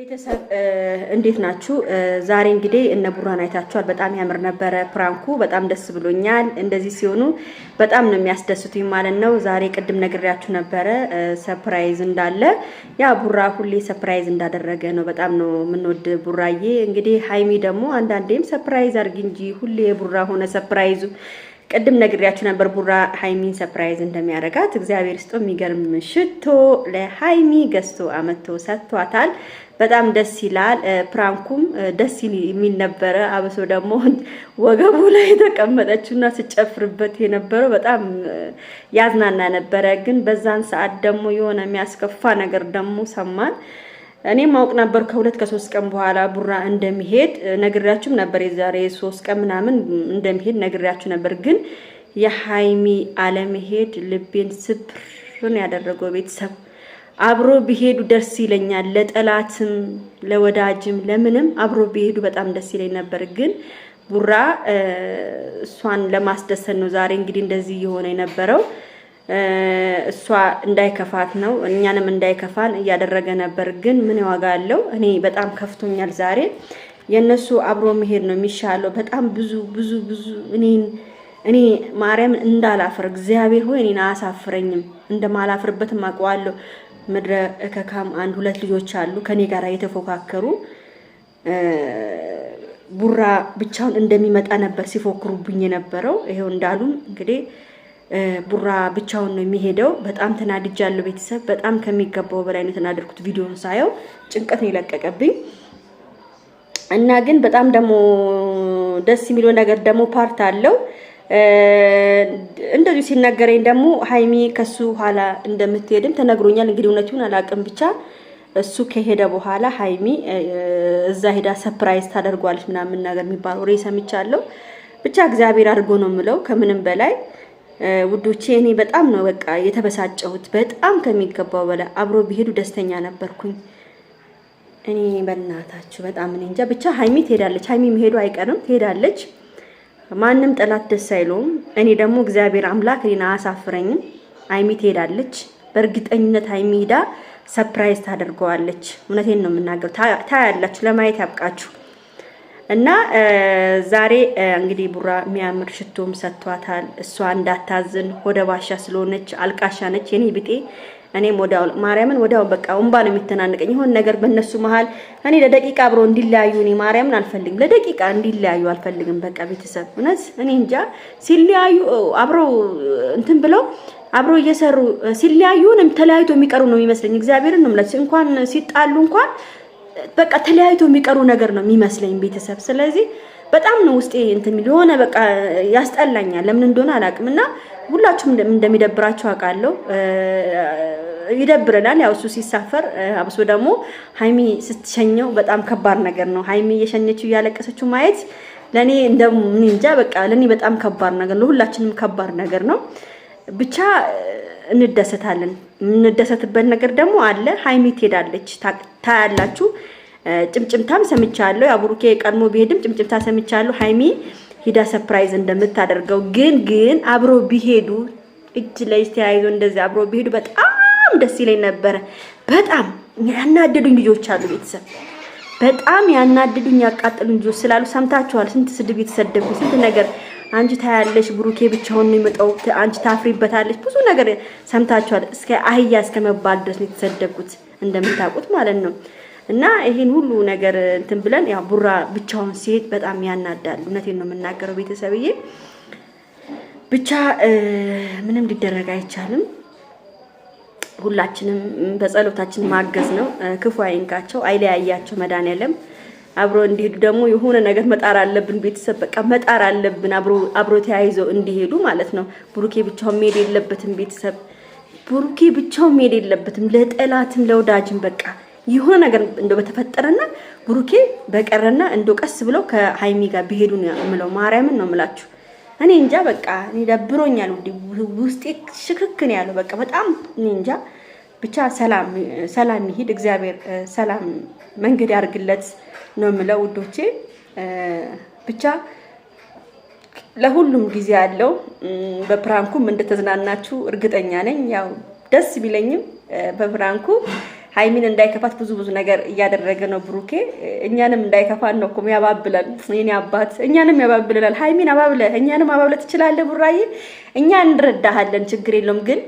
ቤተሰብ እንዴት ናችሁ? ዛሬ እንግዲህ እነ ቡራን አይታችኋል። በጣም ያምር ነበረ ፕራንኩ፣ በጣም ደስ ብሎኛል። እንደዚህ ሲሆኑ በጣም ነው የሚያስደስቱኝ ማለት ነው። ዛሬ ቅድም ነግሬያችሁ ነበረ ሰፕራይዝ እንዳለ። ያ ቡራ ሁሌ ሰፕራይዝ እንዳደረገ ነው። በጣም ነው የምንወድ ቡራዬ። እንግዲህ ሀይሚ ደግሞ አንዳንዴም ሰፕራይዝ አድርጊ እንጂ ሁሌ ቡራ ሆነ ሰፕራይዙ ቅድም ነግሬያችሁ ነበር ቡራ ሀይሚን ሰፕራይዝ እንደሚያደርጋት። እግዚአብሔር ስጦ የሚገርም ሽቶ ለሀይሚ ገዝቶ አመቶ ሰጥቷታል። በጣም ደስ ይላል። ፕራንኩም ደስ የሚል ነበረ። አብሶ ደግሞ ወገቡ ላይ የተቀመጠችውና ስጨፍርበት የነበረው በጣም ያዝናና ነበረ። ግን በዛን ሰዓት ደግሞ የሆነ የሚያስከፋ ነገር ደግሞ ሰማን። እኔ ማውቅ ነበር ከሁለት ከሶስት ቀን በኋላ ቡራ እንደሚሄድ ነግሬያችሁም ነበር። የዛሬ ሶስት ቀን ምናምን እንደሚሄድ ነግሬያችሁ ነበር። ግን የሀይሚ አለመሄድ ልቤን ስብርን ያደረገው ቤተሰብ አብሮ ቢሄዱ ደስ ይለኛል። ለጠላትም ለወዳጅም ለምንም አብሮ ቢሄዱ በጣም ደስ ይለኝ ነበር። ግን ቡራ እሷን ለማስደሰት ነው ዛሬ እንግዲህ እንደዚህ የሆነ የነበረው። እሷ እንዳይከፋት ነው እኛንም እንዳይከፋን እያደረገ ነበር። ግን ምን ዋጋ አለው? እኔ በጣም ከፍቶኛል ዛሬ። የእነሱ አብሮ መሄድ ነው የሚሻለው። በጣም ብዙ ብዙ ብዙ እኔን እኔ ማርያም እንዳላፍር እግዚአብሔር ሆይ እኔን አያሳፍረኝም፣ እንደማላፍርበትም አውቀዋለሁ። ምድረ እከካም አንድ ሁለት ልጆች አሉ ከእኔ ጋር የተፎካከሩ ቡራ ብቻውን እንደሚመጣ ነበር ሲፎክሩብኝ የነበረው። ይሄው እንዳሉም እንግዲህ ቡራ ብቻውን ነው የሚሄደው። በጣም ተናድጃለሁ ቤተሰብ። በጣም ከሚገባው በላይ ነው የተናደድኩት። ቪዲዮን ሳየው ጭንቀት ነው የለቀቀብኝ እና ግን በጣም ደግሞ ደስ የሚለው ነገር ደግሞ ፓርት አለው እንደዚሁ ሲነገረኝ ደግሞ ሀይሚ ከሱ ኋላ እንደምትሄድም ተነግሮኛል። እንግዲህ እውነቱን አላውቅም ብቻ እሱ ከሄደ በኋላ ሀይሚ እዛ ሄዳ ሰፕራይዝ ታደርጓለች ምናምን ነገር የሚባል ወሬ ሰምቻለሁ። ብቻ እግዚአብሔር አድርጎ ነው የምለው ከምንም በላይ ውዶቼ እኔ በጣም ነው በቃ የተበሳጨሁት። በጣም ከሚገባው በላይ አብሮ ቢሄዱ ደስተኛ ነበርኩኝ። እኔ በእናታችሁ በጣም እኔ እንጃ። ብቻ ሀይሚ ትሄዳለች፣ ሀይሚ መሄዱ አይቀርም ትሄዳለች። ማንም ጠላት ደስ አይለውም። እኔ ደግሞ እግዚአብሔር አምላክ እኔን አያሳፍረኝም። ሀይሚ ትሄዳለች በእርግጠኝነት። ሀይሚ ሄዳ ሰፕራይዝ ታደርገዋለች። እውነቴን ነው የምናገሩ። ታያላችሁ፣ ለማየት ያብቃችሁ። እና ዛሬ እንግዲህ ቡራ የሚያምር ሽቶም ሰጥቷታል። እሷ እንዳታዝን ሆደ ባሻ ስለሆነች አልቃሻ ነች የኔ ብጤ። እኔም ወዳው ማርያምን ወዳው በቃ ወንባ ነው የሚተናነቀኝ። የሆነ ነገር በእነሱ መሀል እኔ ለደቂቃ አብሮ እንዲለያዩ እኔ ማርያምን አልፈልግም። ለደቂቃ እንዲለያዩ አልፈልግም። በቃ ቤተሰብ እውነት እኔ እንጃ ሲለያዩ አብሮ እንትን ብለው አብሮ እየሰሩ ሲለያዩንም ተለያይቶ የሚቀሩ ነው የሚመስለኝ። እግዚአብሔርን ነው የምላቸው። እንኳን ሲጣሉ እንኳን በቃ ተለያይቶ የሚቀሩ ነገር ነው የሚመስለኝ ቤተሰብ። ስለዚህ በጣም ነው ውስጤ እንትን የሆነ በቃ ያስጠላኛል። ለምን እንደሆነ አላውቅም። እና ሁላችሁም እንደሚደብራችሁ አውቃለሁ። ይደብረናል። ያው እሱ ሲሳፈር አብሶ ደግሞ ሀይሚ ስትሸኘው በጣም ከባድ ነገር ነው። ሀይሚ እየሸኘችው እያለቀሰችው ማየት ለእኔ እንደ እንጃ በቃ ለእኔ በጣም ከባድ ነገር ነው። ሁላችንም ከባድ ነገር ነው ብቻ እንደሰታለን። የምንደሰትበት ነገር ደግሞ አለ። ሀይሚ ትሄዳለች፣ ታያላችሁ። ጭምጭምታም ሰምቻለሁ። ያው ብሩኬ ቀድሞ ቢሄድም ጭምጭምታ ሰምቻለሁ። ሀይሚ ሂዳ ሰፕራይዝ እንደምታደርገው ግን ግን አብሮ ቢሄዱ እጅ ላይ ተያይዞ እንደዚህ አብሮ ቢሄዱ በጣም ደስ ይለኝ ነበረ። በጣም ያናደዱኝ ልጆች አሉ ቤተሰብ በጣም ያናደዱኝ ያቃጠሉኝ ልጆች ስላሉ ሰምታችኋል። ስንት ስድብ የተሰደብኩ ስንት ነገር አንቺ ታያለሽ፣ ብሩኬ ብቻውን ነው የሚመጣው፣ አንቺ ታፍሪበታለሽ፣ ብዙ ነገር ሰምታችኋል። እስከ አህያ እስከ መባል ድረስ ነው የተሰደብኩት እንደምታውቁት ማለት ነው። እና ይሄን ሁሉ ነገር እንትን ብለን ያው ቡራ ብቻውን ሲሄድ በጣም ያናዳል። እውነቴን ነው የምናገረው ቤተሰብዬ። ብቻ ምንም ሊደረግ አይቻልም። ሁላችንም በጸሎታችን ማገዝ ነው። ክፉ አይንካቸው፣ አይለያያቸው መድኃኒዓለም አብሮ እንዲሄዱ ደግሞ የሆነ ነገር መጣር አለብን። ቤተሰብ በቃ መጣር አለብን። አብሮ አብሮ ተያይዘው እንዲሄዱ ማለት ነው። ብሩኬ ብቻውን መሄድ የለበትም። ቤተሰብ ብሩኬ ብቻውን መሄድ የለበትም። ለጠላትም ለወዳጅም በቃ የሆነ ነገር እንደ በተፈጠረና ብሩኬ በቀረና እንደ ቀስ ብለው ከሀይሚ ጋር ቢሄዱ ነው የምለው። ማርያምን ነው የምላችሁ። እኔ እንጃ በቃ እኔ ደብሮኛል። ውዴ ውስጤ ሽክክን ያለው በቃ በጣም እኔ እንጃ ብቻ ሰላም ሰላም ይሄድ። እግዚአብሔር ሰላም መንገድ ያርግለት። ነው የምለው ውዶቼ። ብቻ ለሁሉም ጊዜ አለው። በፕራንኩም እንደተዝናናችሁ እርግጠኛ ነኝ። ያው ደስ ቢለኝም በፕራንኩ ሀይሚን እንዳይከፋት ብዙ ብዙ ነገር እያደረገ ነው ብሩኬ። እኛንም እንዳይከፋን ነው እኮ ያባብለን። የኔ አባት እኛንም ያባብለናል። ሀይሚን አባብለ እኛንም አባብለ ትችላለህ ቡራዬ፣ እኛ እንረዳሃለን፣ ችግር የለውም ግን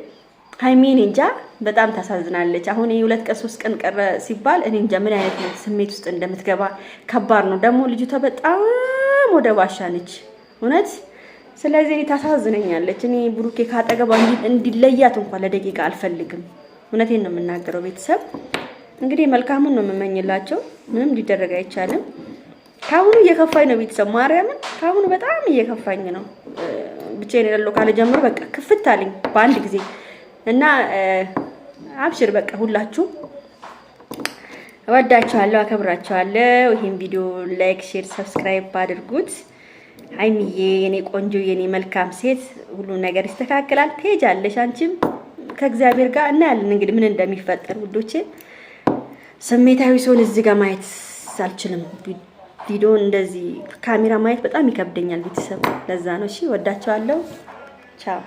ሀይሜን እንጃ በጣም ታሳዝናለች። አሁን የሁለት ቀን ሶስት ቀን ቀረ ሲባል እኔ እንጃ ምን አይነት ስሜት ውስጥ እንደምትገባ ከባድ ነው። ደግሞ ልጅቷ በጣም ወደ ባሻ ነች እውነት። ስለዚህ እኔ ታሳዝነኛለች። እኔ ብሩኬ ካጠገባ እንዲለያት እንኳን ለደቂቃ አልፈልግም። እውነቴን ነው የምናገረው። ቤተሰብ እንግዲህ መልካሙን ነው የምመኝላቸው። ምንም ሊደረግ አይቻልም። ከአሁኑ እየከፋኝ ነው ቤተሰብ፣ ማርያምን ከአሁኑ በጣም እየከፋኝ ነው። ብቻዬን እላለሁ ካለ ጀምሮ በቃ ክፍት አለኝ በአንድ ጊዜ እና አብሽር በቃ ሁላችሁ እወዳችኋለሁ፣ አከብራችኋለሁ። ይሄን ቪዲዮ ላይክ፣ ሼር፣ ሰብስክራይብ አድርጉት። ሀይሚዬ የኔ ቆንጆ የኔ መልካም ሴት ሁሉ ነገር ይስተካከላል። ትሄጃለሽ አንቺም ከእግዚአብሔር ጋር እናያለን እንግዲህ ምን እንደሚፈጠር ውዶቼ። ስሜታዊ ሰውን እዚህ ጋር ማየት አልችልም። ቪዲዮን እንደዚህ ካሜራ ማየት በጣም ይከብደኛል ቤተሰብ። ለዛ ነው። እሺ ወዳቸዋለሁ። ቻው